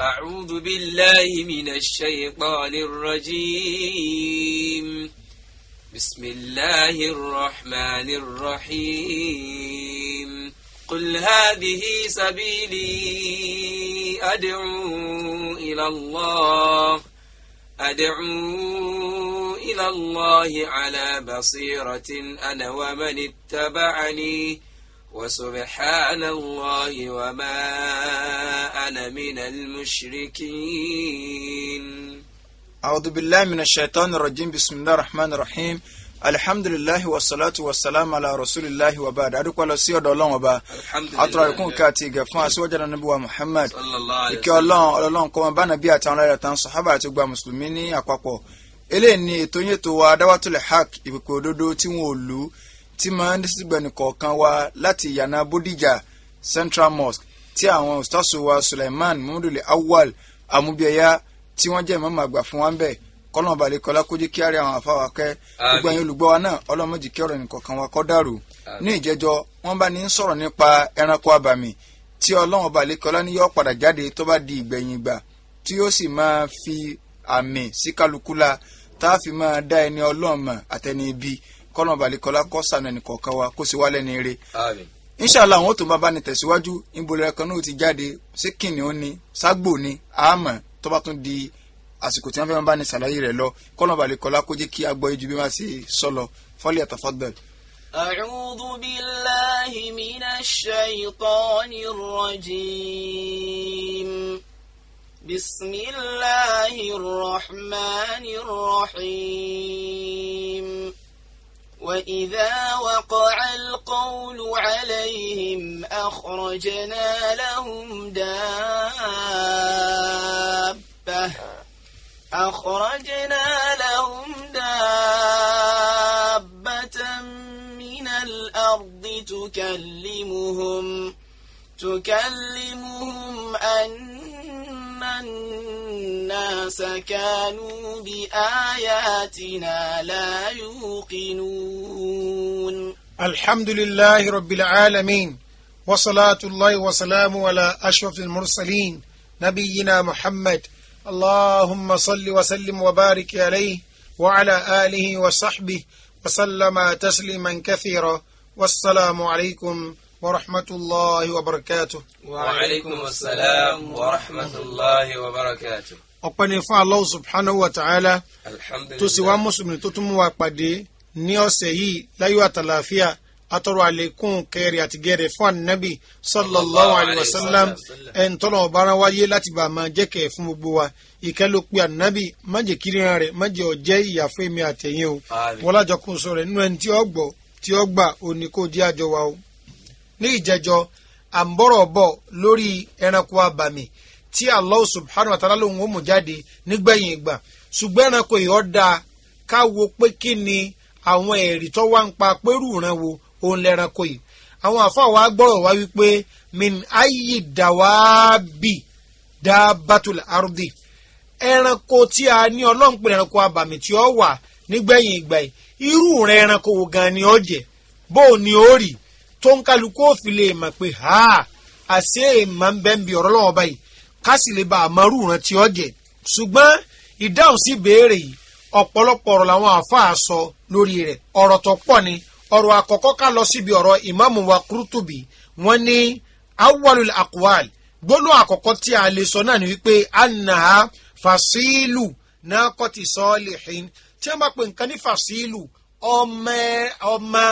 أعوذ بالله من الشيطان الرجيم بسم الله الرحمن الرحيم قل هذه سبيلي أدعو إلى الله أدعو إلى الله على بصيرة أنا ومن اتبعني وسبحان الله وما أنا من المشركين أعوذ بالله من الشيطان الرجيم بسم الله الرحمن الرحيم alihamdulilahi wasalaatu wasalaam ala rasulilahi wa baad adukọ lọ sí ọ̀dọ̀ Ọlọ́run ọba atọrọkùn káàtì gẹ fún aṣíwájú anabi wa muhammad ìkẹ́ Ọlọ́run Ọlọ́run kọmọ bánabi àtàwọn ọlọrin àtàwọn sọhábà àti gba mùsùlùmí ní àpapọ̀ eléyìí ni ètò yẹn wa adáwàtúlẹ haq ìpèpè òdodo tí wọn ò lù ú tí máa ń dé sígbẹ̀nì kọ̀ọ̀kan wa láti ìyànà Bódìjà Central Mosque tí àwọn ustaṣu wa Suleiman muhammadul awal amubiyaya tí wọ́n jẹ́ ìmọ̀ọ́mọ̀ àgbà fún wa ń bẹ̀ kọ́lọ́n balẹ̀ kọ́lá kójú kí àárẹ̀ àwọn àfáwà kẹ́ gbogbo ẹ̀yin olùgbọ́ wa náà ọlọ́mọdé kí ọ̀rọ̀ nìkọ̀ọ̀kan wa kọ́ dàrú ní ìjẹ́jọ́ wọ́n bá ní ń sọ̀rọ̀ nípa ẹranko abàmì tí ọlọ́wọ́n balẹ̀ kọ́lá ní yọ́ padà jáde tó bá di ìgbẹ̀yìn ìgbà tí yóò sì máa fi àmì sí kálukú la tá a fi máa dá ẹni ọlọ́ọ̀mọ̀ àtẹni ibi kọ́nà balẹ̀kọ́lá kọ́ sànù ẹnìkọ̀ọ̀kan wa kó sì wá lẹ́ni ire. inṣàlá àwọn tó bá bá ní tẹ̀síwájú ìbolẹ̀ kan náà ti jáde sí kìnìún ni ságbò ni àmọ́ tó bá tún di àsìkò tí wọ́n fẹ́ bá ní sàlàyé rẹ̀ lọ kọ́nà balẹ̀kọ́lá kó jẹ́ kí agbọ́ ijú bí wọ́n ṣe sọ̀lọ̀ fọ́lẹ̀ àtàfọ́gbẹ̀. أعوذ بالله من الشيطان الرجيم بسم الله الرحمن الرحيم وإذا وقع القول عليهم أخرجنا لهم دابة أخرجنا لهم دابة من الأرض تكلمهم تكلمهم أن الناس كانوا بآياتنا لا يوقنون الحمد لله رب العالمين وصلاة الله وسلامه على أشرف المرسلين نبينا محمد اللهم صل وسلم وبارك عليه وعلى آله وصحبه وسلم تسليما كثيرا والسلام عليكم ورحمة الله وبركاته وعليكم السلام ورحمة الله وبركاته ọpẹ́ ni fún Allah subhanahu wa ta'ala tó sì wá mùsùlùmí tó tún mú wa pàdé ní ọ̀sẹ̀ yìí láyọ̀ àtàlàáfíà atọrọ àlékún kẹrì àti gẹrẹ fún anabi sallallahu alayhi wa sallam ẹni tọ́lọ̀ ọ̀bára wáyé láti bá a máa jẹ́ kẹ̀ fún gbogbo wa ìkẹ́ ló pe anabi má jẹ́ kíríran rẹ̀ má jẹ́ ọ̀jẹ́ ìyà èmi àtẹ̀yìn o wọ́n lájọ kún sọ rẹ̀ nínú ẹni tí ó gbọ́ tí ó gbà òní kó di àjọ wa o. ní ìjẹjọ à bọ̀ lórí ẹranko abàmì tí Allahu subhanahu wa ta'ala lòun ó mú jáde nígbẹ̀yìn ìgbà ṣùgbọ́n ẹranko yìí ó dáa ká wo pé kí ni àwọn ẹ̀rí tó wá ń pa pẹ́rù ìran wo òun lẹ́ranko yìí àwọn àfáà wa gbọ́rọ̀ wá wípé min ayi dawabi dabatul ardi ẹranko tí a ní ọlọ́run pé ẹranko abàmì tí ó wà nígbẹ̀yìn ìgbà yìí irú rẹ̀ ẹranko wo gan ni ó jẹ́ bó o ní ó rì tó ń kálukú òfin lè mọ̀ pé ha àṣé èèmọ̀ ń bẹ́ ń ọ̀rọ̀ lọ́wọ́ báyìí ká sì lè ba àmọ́rù ràn tí ọ jẹ ṣùgbọ́n ìdáhùn sí béèrè yìí ọ̀pọ̀lọpọ̀ ọ̀rọ̀ làwọn àáfàá sọ lórí rẹ̀ ọ̀rọ̀ tó pọ̀ ni ọ̀rọ̀ àkọ́kọ́ ká lọ síbi ọ̀rọ̀ ìmáàmù wa kúrútùbì wọ́n ní awwalul aqwal gbólú àkọ́kọ́ tí a lè sọ náà ni wípé anaha fasilu naqati salihin tí wọ́n bá pè nǹkan ní fasilu ọmọ ọmọ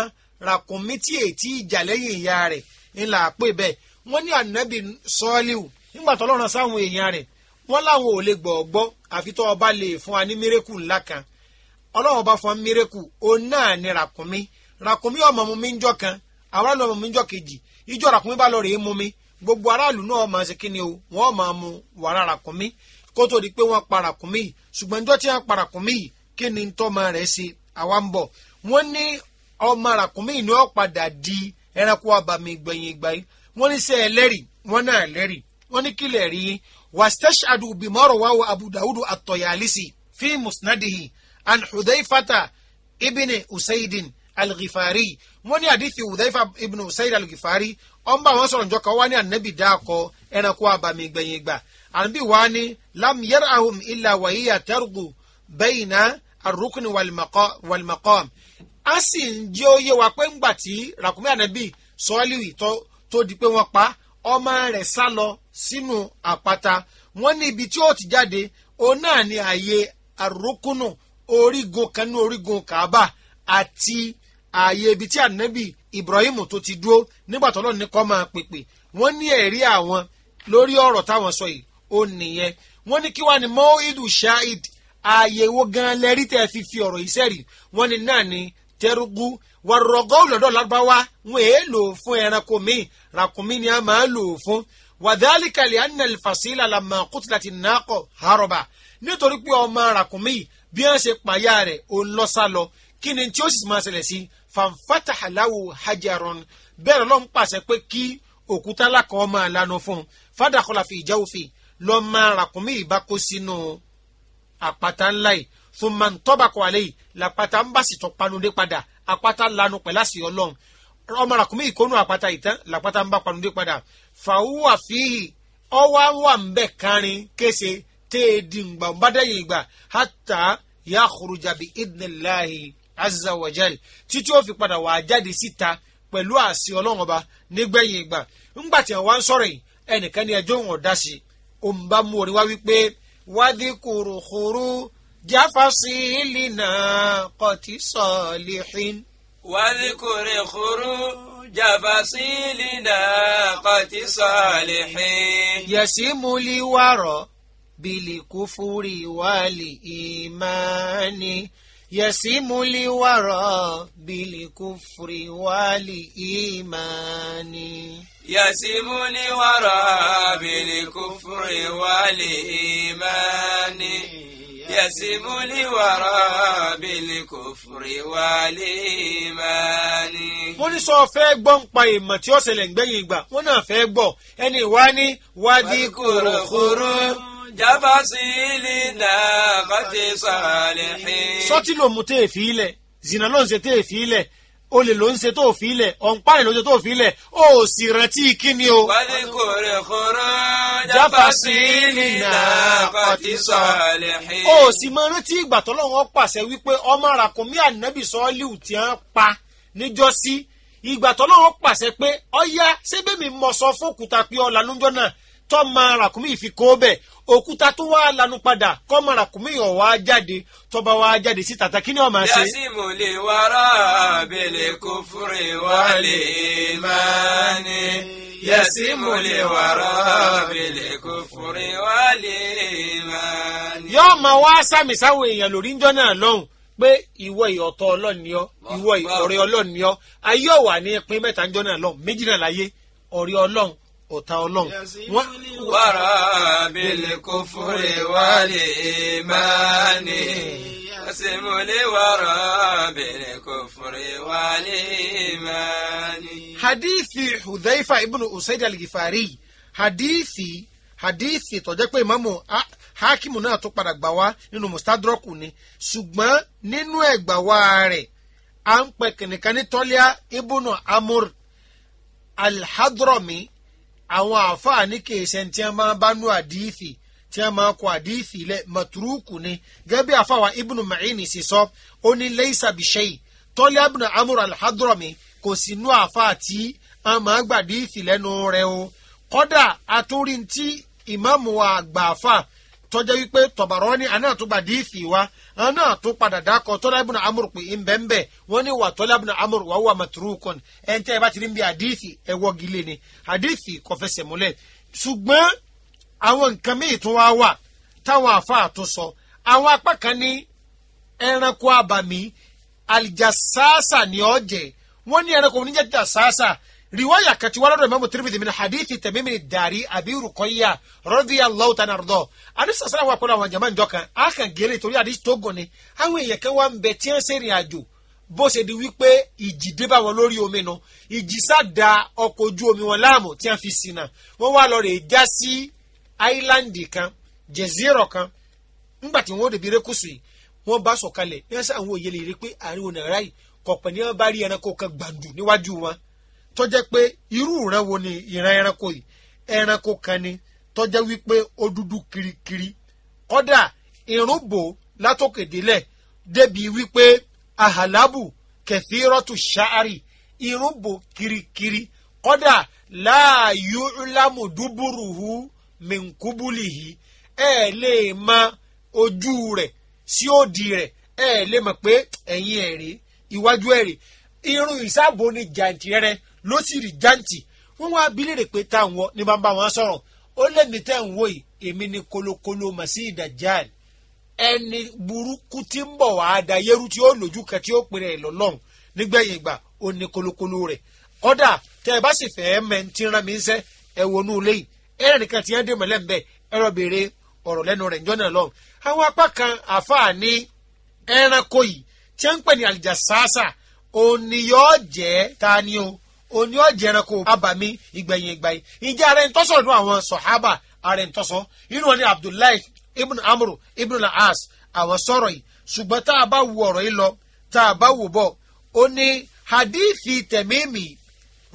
ràkúnmí tí èyí tí ìjà lẹ́yìn ìyá rẹ̀ ńlá pè bẹ́ẹ̀ wọ́n ní ànábì sọ́ọ́lìwù nígbà tó lọ́rùn sáwọn èèyàn rẹ̀ wọ́n láwọn ò lè gbọ̀ọ́gbọ́ àfi tó ọba lè fún wa ní mírèkù ńlá kan ọlọ́run bá fún wa mírèkù òun náà ni ràkúnmí ràkúnmí ọmọ mu mi ń jọ kan àwọn aráàlú ọmọ mi ń jọ kejì ìjọ ràkúnmí bá lọ rèé mu mi gbogbo aráàlú náà máa ṣe kíni o wọ́n máa mu wàrà ràkúnmí kó tó di pé wọ́n pa ràkúnmí ṣùgbọ́n ìjọ tí wọ́n pa ràkúnmí kíni tọ́mọ rẹ̀ ṣe àwa ń bọ̀ wọ́n ní ọmọ ràkúnmí ni ó padà di ẹranko abàmì gbẹ̀yìn gbẹ̀yìn wọ́n ní sẹ́ ẹlẹ́rìí wọ́n náà lẹ́rìí wọ́n ní kílẹ̀ rí yín wàstẹ́ṣàdù bìmọ́rọ̀ wàwọ̀ abudawudu àtọ̀yàlísì fi musnadihi an hudayfata ibini usaidin alghifari wọ́n ní àdìsí hudayfa ibini usaid alghifari ọ̀nba àwọn sọ̀rọ̀ njọ́ wá ní ànábì dáàkọ ẹranko àbàmì gbẹ̀yìn gbà wá ní lam yarahum illa wàyíyà targu bayna arukuni walmaqam a sì ń jẹ́ ó wa pé ńgbà tí ràkúnmí ànábì sọ́ọ́lì tó di pé wọ́n pa á ọmọ rẹ̀ sá lọ sínú àpáta wọ́n ní ibi tí ó ti jáde òun náà ní ààyè àrókùnù orígun kanú orígun kaaba àti ààyè ibi tí ànábì Ibrahim tó ti dúró nígbà tó lọ́ọ̀ ní kọ́ máa pèpè wọ́n ní ẹ̀rí àwọn lórí ọ̀rọ̀ táwọn sọ yìí ó nìyẹn wọ́n ní kí wàá ní mohidu shahid ààyè wo gan lẹ́rí tẹ́ fi fi ọ̀rọ̀ yìí sẹ́rì wọ́n ní náà ní tẹ́rùgù wàrọ̀gọ́ lọ́dọ̀ lágbáwá wọn èé fún ẹranko míì ràkúnmí ni a máa lò fún wàdálíkà lè ànà ìfàsílà làmà kùtìlàtì nàkọ haroba nítorí pé ọmọ ràkúnmí bí wọn ṣe pààyà rẹ̀ ò ń lọ sá lọ kí ni tí ó sì máa ṣẹlẹ̀ sí fanfata halawu hajaron bẹ́ẹ̀ lọ́n pàṣẹ pé kí òkúta lákọ ọmọ àlànà fún un fàdàkọlà lọ máa ràkúnmí ìbá kó sínú àpáta ńlá yìí fún màá tọ́bàkọ̀ yìí làpáta ń bá sì tọ́ panudé padà àpáta lanu pẹ̀lá sí ọlọ́run ọmọ ràkúnmí ìkónú àpáta ìtàn làpáta ń bá panudé padà fàwúwà fíhì ọwá wà ń bẹ kárin kése téèdì ngbà ń bá dẹ́yìn ìgbà hátà yà kúrújàbí idnillahi azza wa jal títí ó fi padà wà jáde síta pẹ̀lú àṣì ọlọ́run ọba nígbẹ̀yìn ìgbà ńgbà tí wọ́n wá ń sọ̀rọ̀ yìí ẹnìkan ní ẹjọ́ òun ọ̀dá sí òun bá mú orí wá wípé wádìí kùrùkùrù jáfàṣì ìlìnà kọ̀tí sọ̀lìhìn. واذكر خروج فصيل ناقة صالح يسم لي ورى بالكفر والإيمان يسم لي ورى بالكفر والإيمان يسم لي ورى بالكفر والإيمان يسم لورى بالكفر والإيمان. mo ní sọ fẹ́ gbọ́ ń pa ìmọ̀ tí ó ṣẹlẹ̀ gbẹ̀yìn ìgbà wọ́n náà fẹ́ gbọ́ ẹni ìwá ní wádìí kòròkòrò. jábàsílì náà bá ti sàlẹ̀ fín. sọ́tìlómù fi ilẹ̀ zìnnà ṣe tẹ̀ fi ilẹ̀ olè ló ń ṣe tó fi ilẹ̀ ọ̀npáàlẹ̀ ló ń ṣe tó fi ilẹ̀ ó sì rántí kíni o. wálé kò rẹ̀ kọ́rọ́ jáfa sí nìyà àti sọ̀lẹ̀ hìn. ó sì máa rántí ìgbà tọ́lọ́wọ́ pàṣẹ wípé ọmọ àràkùnmí ànábì sọ́ọ́lìwù tí wọ́n pa níjọ́sí ìgbà tọ́lọ́wọ́ pàṣẹ pé ọ̀yá sẹ́bẹ̀mí mọ̀ sọ fún òkúta pé ọ̀làlújọ́ náà tọ́ máa ràkúnmí ìfikó bẹ́ẹ̀ òkúta tó wá lanu padà kọ́mọ̀rà kùmíyàn wá jáde tọba wá jáde sí tàtà kí ni ọmọ ṣe. yasimu lè wàrà bèlè kò fúre wà lè máa ní yasimu lè wàrà bèlè kò fúre wà yóò máa wá sàmì sáwọn èèyàn lórí ńjọ náà lọ́hùn pé ìwọ ìyọ̀tọ̀ ọlọ́ọ̀ni ọ ìwọ ìyọ̀rẹ́ ọlọ́ọ̀ni ọ ayé ọ̀wà ní pín mẹ́ta ńjọ náà lọ́hùn méjì náà láyé ọ̀rẹ́ ọlọ́hùn ọ̀tá ọlọ́run. wàrà bílẹ̀ kò fúnre wálé ìmáàní. yasimuli wàrà bílẹ̀ kò fúnre wálé ìmáàní. hadithi hudhaifa ibnu usaid al-gifari hadithi hadithi tó jẹ́ pé imamu hakimu náà tó padà gbà wá nínú mustadrak ni ṣùgbọ́n nínú ẹ̀gbà wá rẹ̀ à ń pẹ kìnìkan ní tọ́lá ibùnà amúr alhadromi àwọn àáfàá ní kèésẹ tí wọn máa bá nú àdìfì tí wọn máa kọ àdìfì lẹ mọtúrúkù ni gẹ́gẹ́ bí àfàwà ibnu Ma'ini sì sọ ó ní lẹyìísà bìṣẹyì tọ́lé abuna amúr alhadrọ̀mì kò sí nú àáfàá tí wọn máa gbàdìfì lẹ́nu rẹ̀ o kọ́dà àtúrí ti ìmáàmù àgbà àfàá tọ́jẹ́ wípé tọ̀bàrọ́ ni àná àtúgbà díìsì wa àná àtún padà dákọ̀ tọ́lá ibùnà amúrù pé ìmbẹ́ńbẹ́ wọ́n ní wà tọ́lá ibùnà amúrù wà wà màtúrúkọ̀n ẹ̀ ń tẹ́ ẹ bá ti rí bí àdíìsì ẹ wọ́gi lé ni àdíìsì kò fẹsẹ̀ múlẹ̀ ṣùgbọ́n àwọn nǹkan míì tún wá wà táwọn àfáà tún àwọn apá kan ní ẹranko àbàmì àlìjàsáàsà ni ọ̀jẹ̀ wọ́n ní ẹranko oníjẹ́ riwaya kan ti wá lọ́dọ̀ ìmọ̀mù tirmidhi min hadithi tẹ̀mí dari abi a radiyallahu ta'ala anha àní sàṣẹ́rà wà kan a kan gèrè torí àdìsí tó gùn ni àwọn èèyàn kan wá ń bẹ tí mbe ṣe ìrìn àjò bó ṣe di wípé ìjì débà wọn lórí omi nu ìjì sáda ọkọ̀ omi wọn láàmú tí fi kan jẹ̀zírọ̀ kan ńgbà tó jẹ́ pé irú ìran wo ni ìran ẹranko yìí ẹranko kan ni tó jẹ́ wípé ó dúdú kirikiri kódà irun bò látòkè délẹ̀ débi wípé ahalabu kẹfìrọtù ṣáárì irun bò kirikiri kódà láàyò lámù dúbúrúhu mẹ̀ǹkúbúlìhì ẹ̀ lè mọ ojú rẹ̀ sí òdì rẹ̀ ẹ̀ lè mọ̀ pé ẹ̀yìn ẹ̀rí iwájú ẹ̀rí irun ìsáàbò ni jàǹtìrẹrẹ ló sì rí jáǹtì wọ́n wá abilérè pé tá à ń wọ wọn sọ̀rọ̀ ó lẹ́mi tẹ́ ń wò yìí èmi ni kolokolo Masih Dajjal ẹni burúkú tí ń bọ̀ wá da yẹ́rú tí ó lójú kan tí ó pèrè ẹ̀ lọ́lọ́run nígbẹ̀yìn ìgbà ó ní kolokolo rẹ̀ kọ́dà tẹ́ ẹ bá sì fẹ́ mẹ́ ń tí rán mi ń sẹ́ ẹ wo inú ilé yìí ẹ̀rọ nìkan tí yẹn dé mọ́lẹ́ ń bẹ̀ ẹ̀rọ béèrè ọ̀rọ̀ lẹ́nu rẹ̀ njọ́ náà lọ. àwọn apá kan àfáà ẹranko yìí tí ń pè ní àlìjà sáásà òní ta ni o òní ọ̀jẹ̀ ẹranko abami ìgbẹ̀yìn ìgbàyìn ìjà ara ẹni tọ́sọ̀ nínú àwọn sọ̀hábà ara ẹni tọ́sọ̀ inú wọn ni Abdullahi ibn Amru ibn al-As àwọn sọ̀rọ̀ yìí ṣùgbọ́n tá a bá wo ọ̀rọ̀ yìí lọ tá a bá wò bọ̀ ó ní hadithi tẹ̀mímì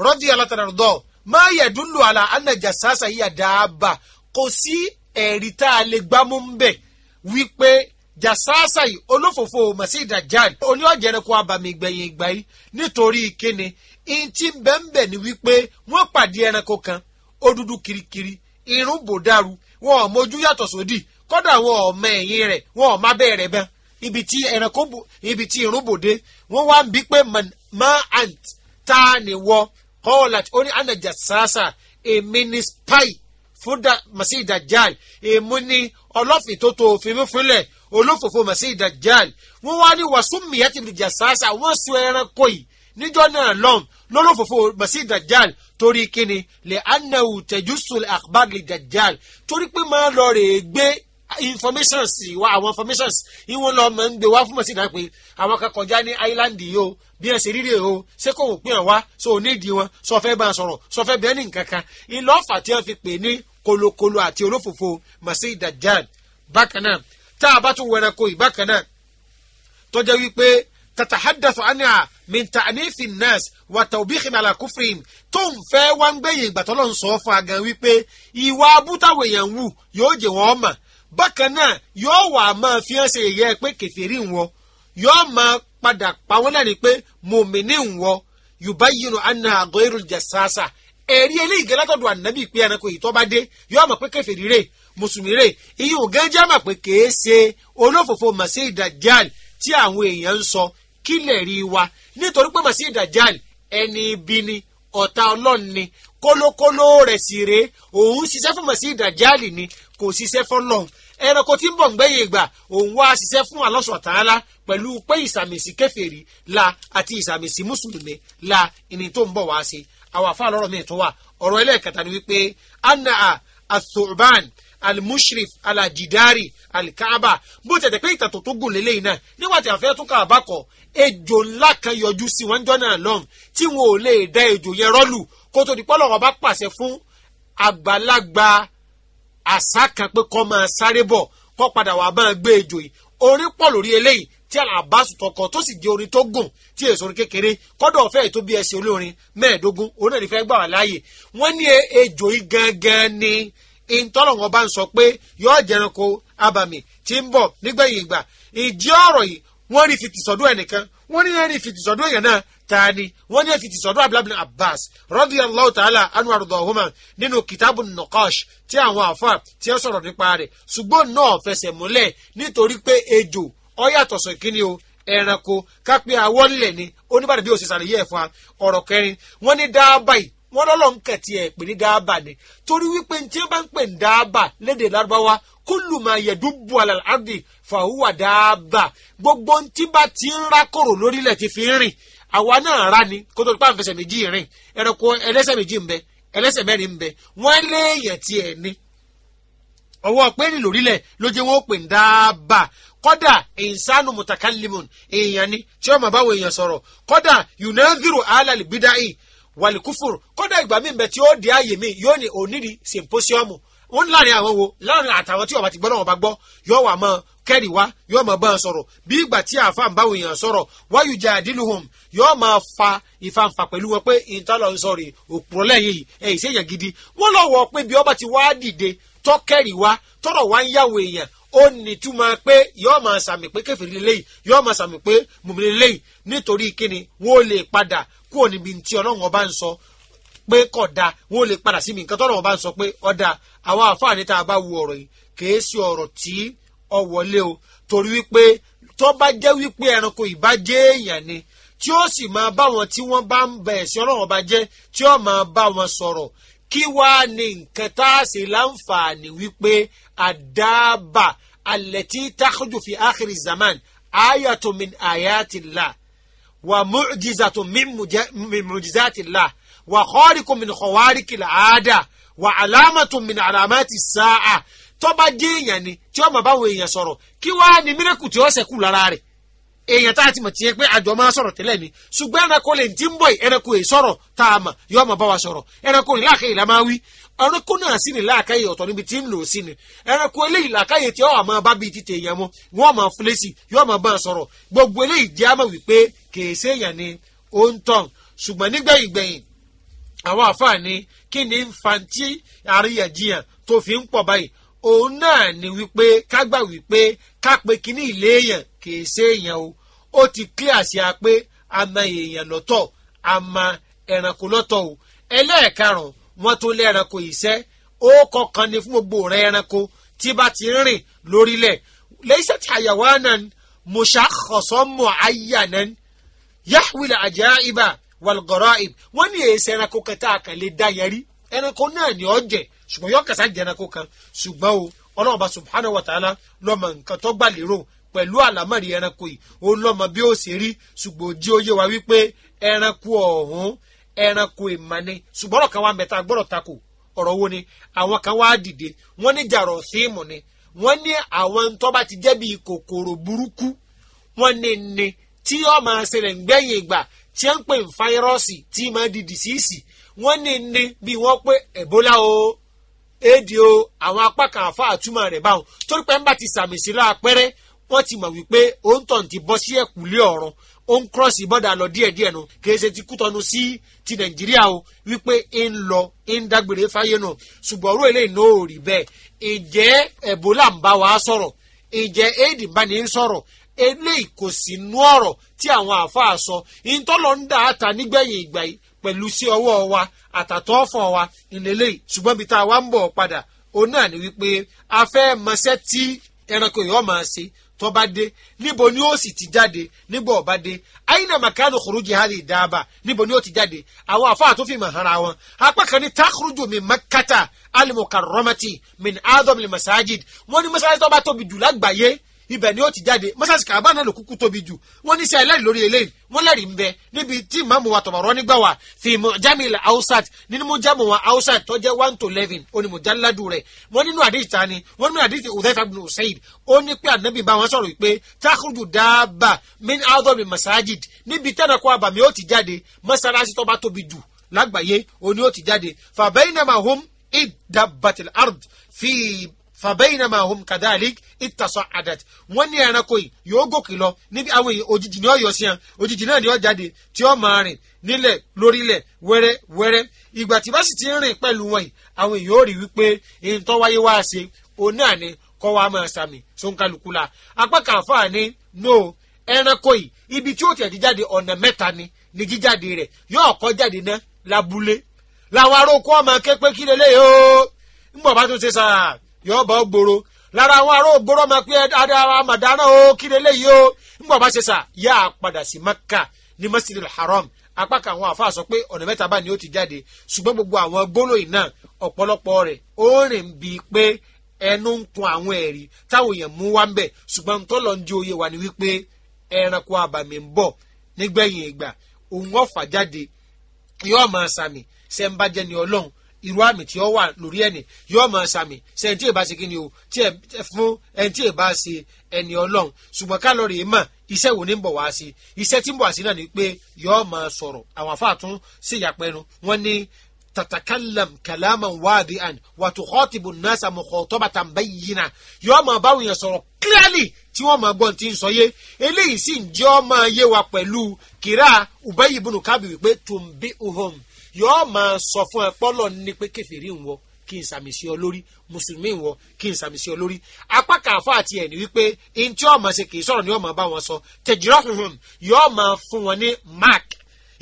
radiyallahu ta'ala anhu máa yadullu ala anna jasasa hiya daaba kò sí ẹ̀rí tá a lè gbámú bẹ̀ wípé jasasa yìí olófòfò màsí ìdàjáde oní ọ̀jẹ̀rẹ̀kọ abàmì ìgbẹ̀yìn ìgbà yìí nítorí kíni ihun tí ń bẹ́ ń ni wípé wọ́n kan o dudu kirikiri irun bò dáru wọn ò mójú yàtọ̀ sódì kọ́dà wọn ò mọ ẹ̀yìn rẹ̀ wọn ò má bẹ́ẹ̀ ibi tí ẹranko bò ibi tí irun bò dé wọn wá ń bí ma ant ta ni wọ́ kọ́ọ̀lá ó ní anajà sàásà èmi ni spy fún màsí ìdàjáì ni ọlọ́fìn fífúnlẹ̀ olófòfò màsí ìdàjáì wá ní wàásù mìíràn ti bìjà sàásà níjọ́ náà lọ́n lólófòfò masi dajal, torí kíni lè anáwó tẹjúsùn akhbar lè dajjal torí pé máa lọ rè gbé informations wa àwọn informations ìwọ̀n lọ máa ń gbé wá fún masi dajjal pé àwọn kan kọjá ní island yìí o bí ẹ ṣe rírì o ṣé kò wọ́n pín ọ̀ wá so ò nídìí wọn sọ fẹ́ bá a sọ̀rọ̀ sọ fẹ́ bẹ́ẹ̀ ní nǹkan kan ìlọ́fà tí wọ́n fi pè ní kolokolo àti olófòfò masi dajal, bákan náà tá a bá tún wẹranko ì bákan náà tọ́jọ́ wípé tàtàhádàtò àníà mìntà ànífì nọ́ọ̀sì wà tàbíkì nàlà kúfìrìm tó ń fẹ́ wá ń gbẹ̀yìn ìgbà tọ́lọ́ ń sọ fún agan wípé ìwà abútàwọ̀ èèyàn wù yóò jẹ́ wọ́n mà bákan náà yóò wà máa fi hàn ṣe ìyẹ́ pé kẹfìrí ń wọ yóò máa padà pa wọ́n lẹ́rìn pé mòmìnì ń wọ yorùbá yìí nù àná àgọ́ èrò jẹ ẹ̀rí eléyìí gẹ́lẹ́ tọ̀dọ̀ ànábì pé ẹranko yìí tó bá dé yóò mọ̀ pé kẹfìrí rè mùsùlùmí rè iye ògẹ́jẹ́ mà pé kèé ṣe olófòfò màsí ìdàjáàlì tí àwọn èèyàn ń sọ kílẹ̀ rí wa nítorí pé màsí ìdàjáàlì ẹni ibi ni ọ̀tá ọlọ́run ni kólókóló rẹ̀ sì rèé òun ṣiṣẹ́ fún màsí ìdàjáàlì ni kò ṣiṣẹ́ fọlọ́run ẹranko tí ń bọ̀ ń gbẹ̀yìn ìgbà òun wá ṣiṣẹ́ fún alọ́sọ̀ pẹ̀lú pé ìsàmìsí kèfèrí la àti ìsàmìsí mùsùlùmí la ìní tó ń bọ̀ wá sí àwọn àfa àlọ́rọ̀ mi tó ọ̀rọ̀ ẹlẹ́ẹ̀kẹta ni wípé anna a asuban alimushrif alajidari alikaaba bó ti ẹ̀jẹ̀ pé ìtàn tó tó gùn lélẹ́yìn náà nígbà tí àfẹ́ tún káàbá kọ ejò ńlá kan yọjú sí wọn jọ náà lọ́n tí wọn ò lè da ejò yẹn rọ́lù kó tó di pọ́lọ̀ wọn bá pàṣẹ fún àgbàlagbà àṣà kan pé kó máa sáré bọ̀ kó padà wàá máa gbé ejò yìí orí pọ̀ lórí eléyìí tí alábàásù tọkọ tó sì di orin tó gùn tí èso orin kékeré kọ́dọ̀ ọ̀fẹ́ tó bí ẹsẹ̀ olórin mẹ́ẹ̀ẹ́dógún òun náà ní fẹ́ gbà wá láàyè wọ́n ní ejò yìí gangan ni ìtọ́lọ̀wọ́n bá ń sọ pé yóò jẹranko abàmì tí ń bọ̀ nígbẹ̀yìn ìgbà ìjí ọ̀rọ̀ yìí wọ́n rí fìtì sọ́dọ̀ ẹnìkan wọ́n ní rí fìtì èèyàn náà ta ni wọ́n ní fìtì sọ́dọ̀ abdulhamid abbas radiyallahu ta'ala anu arudahuma nínú kitabu nukash tí àwọn àfa tí wọ́n sọ̀rọ̀ nípa rẹ̀ ṣùgbọ́n náà fẹsẹ̀ múlẹ̀ nítorí pé ejò ó yàtọ̀ sọ kíni o ẹranko kápẹ́ awọ́lẹ̀ ni oníbàdàn bí òṣìṣàlẹ̀ yẹ̀ fún wa ọ̀rọ̀ kẹrin wọ́n ní dábàá wọ́n lọ́lọ́ ń kẹ̀tì ẹ̀ ní dáàbà ni torí wípé tí wọ́n bá ń pè dáàbà léde lárúbáwá kullu ma yadubbu dáàbà gbogbo tí bá ti ń ra kòrò lórílẹ̀ ti fi ń rìn àwa náà ra ni kó tó pa àfẹsẹ̀ méjì rìn ẹranko ẹlẹ́sẹ̀ méjì ń bẹ ẹlẹ́sẹ̀ mẹ́rin ń bẹ wọ́n tiẹ̀ ni ọwọ́ pé ní lórílẹ̀ ló jẹ́ wọ́n pè ń dáàbà kọ́dà èèyàn ni tí wàlíkúfòrò kódà ìgbà mi ń ó di ààyè mi yóò ní onídìí symposium wọn ní láàrin àwọn wo láàrin àtàwọn tí ọba ti gbọ́ náà ọba gbọ́ yóò wà mọ́ kẹ́rì wá yóò máa bá wọn sọ̀rọ̀ bí ìgbà tí àáfà ń báwọn èèyàn sọ̀rọ̀ wáyù jẹ́ àdínlùhùn yóò máa fa ìfàǹfà pẹ̀lú wọn pé ìtọ́lọ̀ ń sọ̀rọ̀ òpùrọ̀ lẹ́yìn yìí ẹ̀yìn sẹ́yìn gidi wọ́n lọ wọ̀ pé bí ọba ti wá dìde tọ́ kẹ́rì wá tọ́rọ̀ wá ń yàwó èèyàn ó nítumọ̀ pé yọ́ọ́ máa sàmì pé kẹfìrí lélẹ́yìí yọ́ọ́ máa sàmì pé mùmìnir lélẹ́yìí nítorí kíni wọ́n lè padà kúrò níbi tí ọlọ́run ọba ń sọ pé kódà wọ́n lè padà síbi nǹkan tọ́lọ́run ọba ń sọ pé ọ̀dà àwọn àfáàní tá a bá wo ọ̀rọ̀ yìí kèé sí ọ̀rọ̀ tí ọ wọlé o torí wípé tó bá jẹ́ wípé ẹranko ìbàjẹ́ èèyàn ni tí ó sì máa bá wọn tí wọ́n bá ń bẹ̀ kí wàá ní nǹkan tá a ṣe láǹfààní wípé àdáàbà allati takhruju fi akhiri zaman ayatun min ayatillah wa mu'jizatun min mu'jizatillah wa khariqun min khawariqil aada wa alamatun min alamati sa'a tó bá jẹ́ èèyàn ni tí ó máa bá àwọn èèyàn sọ̀rọ̀ kí wàá ní mírẹ́kù tí ó ṣẹ́kù lára rẹ̀ èèyàn tá a ti mọ̀ tiẹ̀ pé àjọ máa sọ̀rọ̀ tẹ́lẹ̀ ni ṣùgbọ́n ẹranko lè ti ń bọ̀ ẹranko yìí sọ̀rọ̀ tá a mọ̀ bá wa sọ̀rọ̀ láàkàyè la máa wí na náà sì ní láàkàyè ọ̀tọ̀ níbi tí ń lò sí ni ẹranko eléyìí làkàyè tí ọ̀ máa bá bíi mọ́ wọ́n máa sí bá ni fa ti àríyànjiyàn òun náà ni wípé ká gbà wípé ká pe kínní ìléèyàn kìí ṣe èèyàn o ó ti clear sí a pé a mọ èèyàn lọ́tọ̀ a mọ ẹranko lọ́tọ̀ o ẹlẹ́ẹ̀karùn-ún wọ́n tó lé ẹranko ìṣẹ́ ó kọkàn ni fún gbogbo rẹ̀ ẹranko tí bá ti rìn lórílẹ̀ lẹ́sẹ̀ tí àyàwó náà mùsàkọ̀sọ́ mọ̀ ayà náà yahwil ajaiba walgaraib wọ́n ní èsì ẹranko kẹta àkànlé dá yẹn ẹranko náà ni ó ṣùgbọ́n yọ kàṣà jẹranko kan ṣùgbọ́n o ọlọ́run bá subhanahu wa ta'ala lọ́mọ nǹkan tó gbà lérò pẹ̀lú àlámọ̀rí ẹranko yìí ó lọ́mọ bí ó ṣe rí ṣùgbọ́n jí ó yé wa wípé ẹranko ọ̀hún ẹranko ìmọ̀ni ṣùgbọ́n ọ̀rọ̀ kan wá mẹ́ta gbọ́dọ̀ takò ọ̀rọ̀ wo ni àwọn kan wá dìde wọ́n ní jàrọ̀ síìmù ni wọ́n ní àwọn tó bá ti jẹ́ bíi kòkòrò burúkú wọ́n ní ni tí ó máa ṣẹlẹ̀ ńgbẹ̀yìn ìgbà tí ó ń pè fáírọ́ọ̀sì tí máa di dìsíìsì wọ́n ní ni bí wọ́n pé ẹ̀bólà o éèdì o àwọn apá kan àfa àtúmọ̀ rẹ̀ báwọn torí pé ń bá ti sàmì sí láàpẹ́rẹ́ wọ́n ti mọ̀ wípé òǹtọ̀n ti bọ́ sí ẹ̀kúlé ọ̀run ó ń kírọ́ọ̀sì lọ díẹ̀díẹ̀ nu ti kútọ́nu sí ti nàìjíríà o wípé ń lọ ń dágbére fáyé nù ṣùgbọ́n orú pẹ̀lú sí ọwọ́ wa àtàtọ́ ọ̀fọ̀n wa ìlélẹ́yìí ṣùgbọ́n ibi tá a wá ń bọ̀ padà òun náà ni wípé a fẹ́ mọṣẹ́ tí ẹranko yìí ọmọ ṣe tó bá dé níbo ni ó sì ti jáde nígbà ó dé àyìnà màkàánù kòrójì hàlì dáàbà níbo ni ó ti jáde àwọn àfáà tó fi mọ̀ hara wọn apá kan ní takurujú mi makata alimukaromati min adom masajid wọn ní masalasi tó bá tóbi jù lágbàáyé ibẹ̀ ni ó ti jáde mọ́sáàsì kàbá náà ló kúkú tóbi jù wọ́n ní sẹ́ ẹlẹ́rìí lórí eléyìí wọ́n lẹ́rìí ń bẹ níbi tí ìmáàmù wa tọ̀mọ̀rọ́ nígbà wa fi jamil hausat nínú mo jámù wa hausat tó jẹ́ one to eleven onímọ̀jáládù rẹ̀ wọ́n nínú àdéhìí ta ni wọ́n nínú àdéhìí Udhayfa bin Usaid ó ní pé ànábì bá wọn sọ̀rọ̀ pé takhruju dáàbà min adọ́bi masajid níbi tẹ́nàkọ́ àbàmì ó ti jáde mọ́sálásí tó bá fàbẹ́yìnàmà hom kadalik ìtàsán àdàt wọ́n ní ẹranko yìí yóò gòkè lọ níbi àwọn èyí òjijì ní ọ̀yọ́ sí hàn òjijì náà ni ó jáde tí ó máa rìn nílẹ̀ lórílẹ̀ wẹ́rẹ́ wẹ́rẹ́ ìgbà tí bá sì ti ń rìn pẹ̀lú wọn yìí àwọn èyí ó rí wípé èyí tó wáyé wá ṣe òun náà ni kọ́ wa máa sàmì sóńkálukú la apá kan ni no ẹranko yìí ibi tí ó tẹ̀ jíjáde ọ̀nà mẹ́ta ni ni jíjáde rẹ̀ yóò kọ́ jáde náà lábúlé làwọn arókó yóò bá gbòòrò lára àwọn ará ògbóró máa pé adára màdánà ó kíre léyìí ó ńgbà bá ṣe sà yá a padà sí Maka ní Masjidil Haram apá kan àwọn àfáà sọ pé ọ̀nà mẹ́ta bá ní ó ti jáde ṣùgbọ́n gbogbo àwọn gbólóyìn náà ọ̀pọ̀lọpọ̀ rẹ̀ ó rìn bí pé ẹnu ń kun àwọn ẹ̀rí táwọn èèyàn mú wá ń bẹ̀ ṣùgbọ́n tó ń di oyè wa ni wípé ẹranko àbàmì ń bọ̀ nígbẹ̀yìn ìgbà òun ọ̀fà jáde yóò máa sàmì ṣe ọlọ́run irú àmì tí ó wà lórí ẹni yóò máa sàmì ṣe ẹni tí èèbá ṣe kí ni o tí ẹ fún ẹni tí èèbá ṣe ẹni ọlọ́run ṣùgbọ́n ká lọ rèé mọ̀ iṣẹ́ wo ni ń bọ̀ wá sí iṣẹ́ tí ń bọ̀ wá sí náà ni pé yóò máa sọ̀rọ̀ àwọn afáàtún sì yàpẹnu wọ́n ní tatakallam kalaman wadi'an wa tukhatibu an-nasa mukhatabatan bayyina yóò máa báwọn yẹn sọ̀rọ̀ clearly tí wọ́n máa gbọ́n ti ń sọ yé eléyìí sì ń jẹ́ ọ́ máa yé wa pẹ̀lú kira Ubayy ibn Kabi wípé tumbi uhum yọ́ọ́ máa sọ fún ẹ pọ́lọ̀ ní pé kẹfìrí ń wọ kí n sàmì sí ọ lórí mùsùlùmí ń wọ kí n sàmì sí ọ lórí apá kàáfà àti ẹ̀ ní wípé n tí ọmọ ṣe kì í sọ̀rọ̀ ni ọmọ bá wọn sọ tẹ̀jìrọ̀hùn yọ́ọ́ máa fún wọn ní mark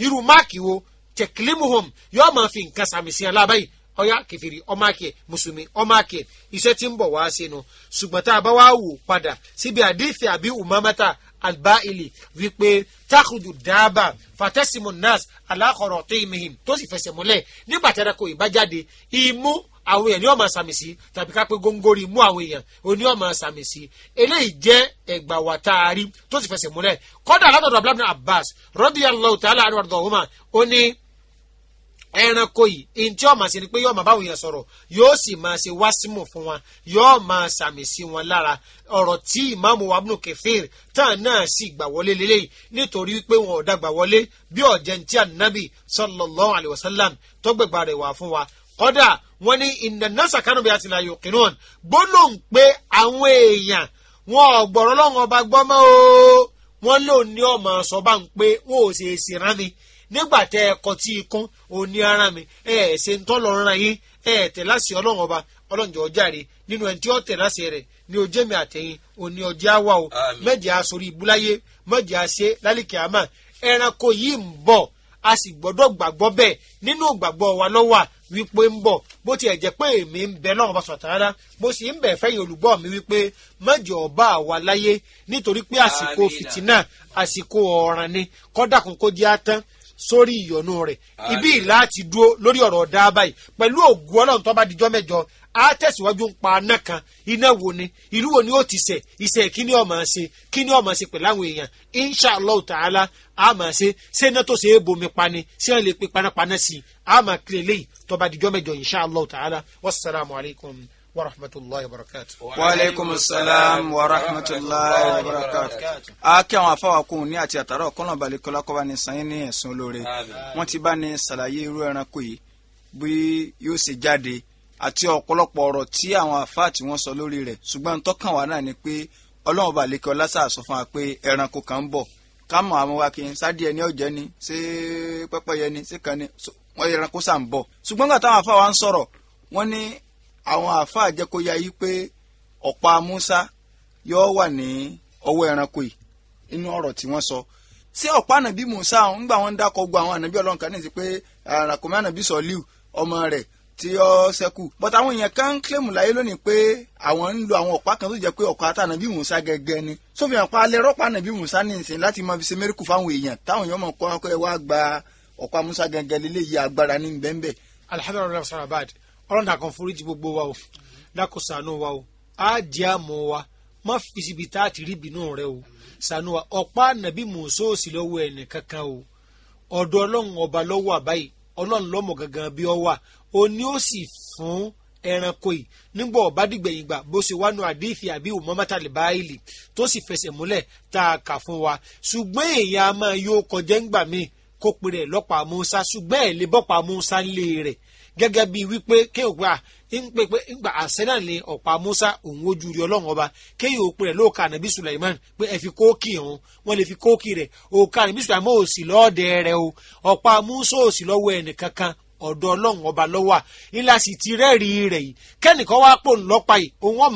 irú mark wo tẹ̀kílímùhùn yọ́ọ́ máa fi nǹkan sàmì sí ẹ lábáyìí ọyá kẹfìrí ọmọ àkẹ mùsùlùmí ọmọ àkẹ iṣẹ́ tí ń bọ̀ wá sínú ṣùgbọ́n tá a bá wá wò padà síbi àdìsí àbí ùmọ́mọ́ta albaili wípé takudu dábà fatasimu nas alakọrọ tó imihim tó sì fẹsẹ̀ múlẹ̀ nígbà tí ẹranko ìbájáde imú àwọn èèyàn ní ọmọ sàmì sí tàbí ká pé góńgóri imú àwọn èèyàn oní ọmọ sàmì sí eléyìí jẹ́ ẹgbà wà tá a rí tó sì fẹsẹ̀ múlẹ̀ kọ́dà látọ̀dọ̀ abdulhamid abbas radiyallahu ta'ala anhu àdúrà ọ̀húnmá ó ní ẹranko yìí ntí ọmọ sí ni pé yóò máa báwọn yẹn sọ̀rọ̀ yóò sì máa ṣe wásímù fún wọn yóò máa ṣàmì sí wọn lára ọ̀rọ̀ tí ìmáàmù wa Ibn Kathir tán náà sì gbà wọlé lélẹ́yìí nítorí pé wọn ò dàgbà wọlé bí ọ̀jẹ̀ ànábì sallallahu alayhi wa sallam tọ́gbẹ̀gbà rẹ̀ wà fún wa kọ́dà wọn ní ìnànàṣà kánú bí a ti là yóò kínú wọn gbólóhùn pé àwọn èèyàn wọn ọ̀gbọ̀rọ̀ lọ́wọ́n ọba gbọ́mọ́ o wọn lóun ní ọmọ sọ bá ń pé nígbà tẹ ẹ kọ tí ikún òní ara mi ẹ ẹ ṣe ń tọ́ lọ ran yín ẹ ẹ tẹ̀ láṣẹ ọlọ́run ọba ọlọ́run jọ̀ọ́ jàre nínú ẹni tí ó tẹ̀ láṣẹ rẹ̀ ní ojé mi àtẹ̀yìn òní ọjẹ́ àwa o mẹ́jẹ̀ asorí ibúláyé mẹ́jẹ̀ aṣe lálìkẹ́ àmà ẹranko yìí ń bọ̀ a sì gbọ́dọ̀ gbàgbọ́ bẹ́ẹ̀ nínú ìgbàgbọ́ wa lọ́wọ́ wípé ń bọ̀ bó tiẹ̀ jẹ́ pé èmi ń bẹ lọ́wọ́ sọ̀tàrà mo sì ń bẹ̀ fẹ́yìn olùgbọ́ mi wípé mẹ́jọ ọba àwa láyé nítorí pé àsìkò fìtínà àsìkò ọ̀ràn ni kọ́dà kún kó jẹ́ àtán sórí ìyọnu rẹ̀ ibi láti dúró lórí ọ̀rọ̀ dábà yìí pẹ̀lú ògùn ọlọ́run tó bá dijọ́ mẹ́jọ á tẹ̀síwájú ń pa aná kan iná wo ni ìlú wo ni ó ti sẹ̀ ìsẹ̀ kí ni ó máa ṣe kí ni ó máa ṣe pẹ̀lú àwọn èèyàn inshallah ta'ala á máa ṣe ṣé iná tó ṣe é bomi pani ṣé wọn lè pe panápaná sí i á máa kílè léyìí tó bá dijọ́ mẹ́jọ inshallah ta'ala wassalamu alaikum. ورحمة الله وبركاته وعليكم السلام ورحمة الله وبركاته a kí àwọn afáwakùn ní àti àtàrà ọ̀kọ́nà balẹ̀kọ́lá kọ́ bá ní san ní ẹ̀sùn olóore wọ́n ti bá ní ṣàlàyé irú ẹranko yìí bí yóò ṣe jáde àti ọ̀pọ̀lọpọ̀ ọ̀rọ̀ tí àwọn àfáà tí wọ́n sọ lórí rẹ̀ ṣùgbọ́n tọ́kàn wá náà ni pé ọlọ́run balẹ̀kọ́lá sàṣọ fún wa pé ẹranko kan ń bọ̀ ká àwọn wa kì í sáà díẹ̀ ní ọ̀jẹ́ ni ṣé pẹ́pẹ́yẹ ni ṣé kan ni ẹranko sà ń bọ̀ ṣùgbọ́n gbàtà àwọn àfáà wa ń sọ̀rọ̀ wọ́n ní àwọn àáfàá jẹ́ kó yá yí ọ̀pá Musa yóò wà ní ọwọ́ ẹranko yìí nínú ọ̀rọ̀ tí wọ́n sọ ṣé ọ̀pá ànàbí Musa àwọn ńgbà wọn ń dákọ̀ gbọ́ àwọn ànàbí ọlọ́run kan ní ti pé àràkùnmí ànàbí sọ̀líù ọmọ rẹ̀ tí ó ṣẹ́kù but àwọn èèyàn kan ń kílèmù láyé lónìí pé àwọn ń lo àwọn ọ̀pá kan tó jẹ́ pé ọ̀pá Musa gẹ́gẹ́ ni sófin àpá alẹ́ Musa gba Musa ọlọ́run dàkàn foríjì gbogbo wa o dákò ṣàánú wa o á jẹ́ àmọ́ wa má fi síbi tá a ti rí ìbínú rẹ o ṣàánú wa ọ̀pá nàbí mùsóòsì lọ́wọ́ ẹnì kankan o ọ̀dọ̀ ọlọ́run ọba lọ́wọ́ àbáyé ọlọ́run lọ́mọ gangan bí ọ wà o ní ó sì fún ẹranko yìí nígbà ọba dìgbẹ̀yìn gbà bó ṣe wánu àdéhìí àbí òmọ́mọ́tà lè báyìí tó sì fẹsẹ̀ múlẹ̀ tá a kà fún wa ṣùgbọ́n èèyàn a máa yóò kọjá ńgbà míì kó pèrè lọ́pàá musa ṣùgbọ́n ẹ̀ lè bọ́pàá musa ńlé rẹ̀ gẹ́gẹ́ bíi wípé kéèyàn pé à ń àṣẹ náà ni ọ̀pá Musa òun ojú rí ọlọ́run ọba kéèyàn ò pè rẹ̀ lóòka ànábì Sulaiman pé ẹ fi kóòkì ọ̀hún wọ́n lè fi kóòkì rẹ̀ òòka ànábì Sulaiman ò sì lọ́ọ̀dẹ rẹ̀ o ọ̀pá Musa ò sì lọ́wọ́ ẹnìkankan ọ̀dọ̀ ọlọ́run ọba lọ́wà ńlá sì ti rẹ́rìí rẹ̀ yìí kẹ́nìkan wá pò ńlọ́pàá yìí òun wọ́n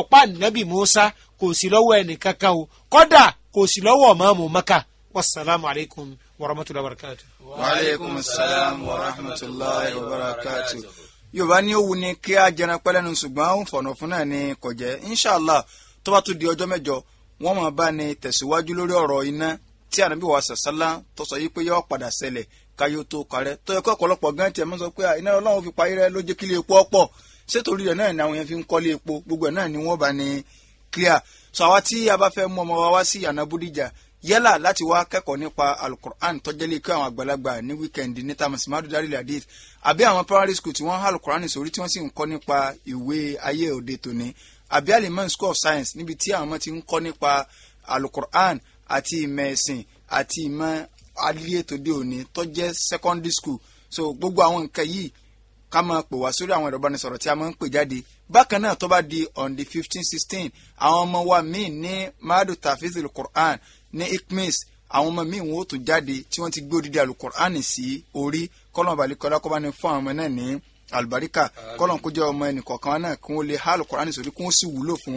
ọ̀pá nàbì Musa kò sí lọ́wọ́ ẹnìkankan o kọ́dà kò sí lọ́wọ́ ọ̀mọ́ọ̀mù Maka wasalaamu alaykum wa rahmatulahi wa barakatu. wa aleykum salaam wa rahmatulahi wa barakatu. yorùbá ní òwú ni kí a jẹran pẹ́lẹ́nu ṣùgbọ́n fọ̀nà fún náà ni kò jẹ́ inshàlá tó bá tún di ọjọ́ mẹ́jọ wọ́n máa bá ní tẹ̀síwájú lórí ọ̀rọ̀ iná tí ànábì wa sàṣálá tó sọ yìí pé yọ padà ṣẹlẹ̀ káyọ̀ tó parẹ́ tó yẹ kó ọ̀pọ̀lọpọ̀ gan tiẹ̀ mọ́ sọ pé iná ọlọ́run fi parí rẹ ló jẹ́ kílé epo ọ̀pọ̀ sétorí rẹ̀ náà ni àwọn yẹn fi ń kọ́lé epo gbogbo ẹ̀ náà ni wọ́n bá ní clear so àwa tí a bá fẹ́ mú ọmọ wa wá sí àná bódìjà yálà láti wá kẹ́kọ̀ọ́ nípa alukur'an tọ́jẹ́lé kí àwọn àgbàlagbà ní wíkẹ́ndì ní tamasi madudarili adith àbí àwọn primary school tí wọ́n há alukur'an sórí tí wọ́n sì ń kọ́ nípa ìwé ayé òde tòní àbí alimán school of science níbi tí àwọn ọmọ ti ń kọ́ nípa alukur'an àti ìmọ̀ ẹ̀sìn àti ìmọ̀ ayé òní tọ́jẹ́ secondary school so gbogbo àwọn nǹkan yìí ká máa pè wá sórí àwọn ẹ̀rọ ìbánisọ̀rọ̀ tí a máa ń pè jáde bákan náà tó bá di on the fifteen sixteen àwọn ọmọ wa míì ní madu tafizil Qur'an ní ikmis àwọn ọmọ míì wọn ó tún jáde tí wọ́n ti gbé odidi alukur'an sí orí kọ́lọ́n balikọ́lá kọ́ba ní fún àwọn ọmọ náà ní àlùbáríkà kọ́lọ́n kó jẹ́ ọmọ ẹnìkọ̀ọ̀kan náà kí wọ́n lè há alukur'an sórí kí wọ́n sì wúlò fún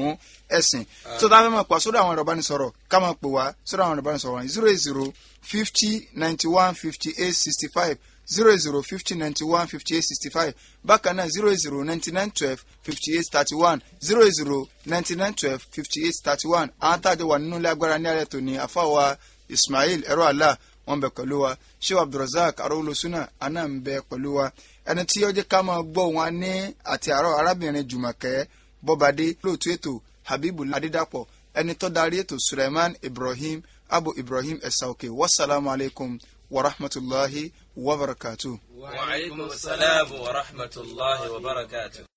ẹ̀sìn tó dáa fẹ́ pa sórí àwọn ẹ̀rọ ìbánisọ̀rọ̀ ká máa pè wá sórí àwọn ẹ̀rọ ìbánisọ̀rọ̀ zero eight zero fifty ninety one fifty eight sixty five zero zero fifty ninety one fifty eight sixty five bákan náà zero zero ninety nine twelve fifty eight thirty one zero zero ninety nine twelve fifty eight thirty one àwọn táàjọ wà nínú ilé agbára ní alẹ́ tòní àfàwà ismail Ero Allah, wọn bẹ pẹ̀lú wa sheu abdulrasaq arolosuna aná ń bẹ pẹ̀lú wa ẹni tí ọjọ́ ká máa gbọ́ wọn ní àti àárọ̀ arábìnrin jùmọ̀kẹ́ bọ́badé lóòtú ètò habibu adédàpọ̀ ẹni tó darí ètò suleiman ibrahim abu ibrahim ẹ̀sà òkè wasalaamualeykum wa rahmatulahi وبركاته وعليكم السلام ورحمة الله وبركاته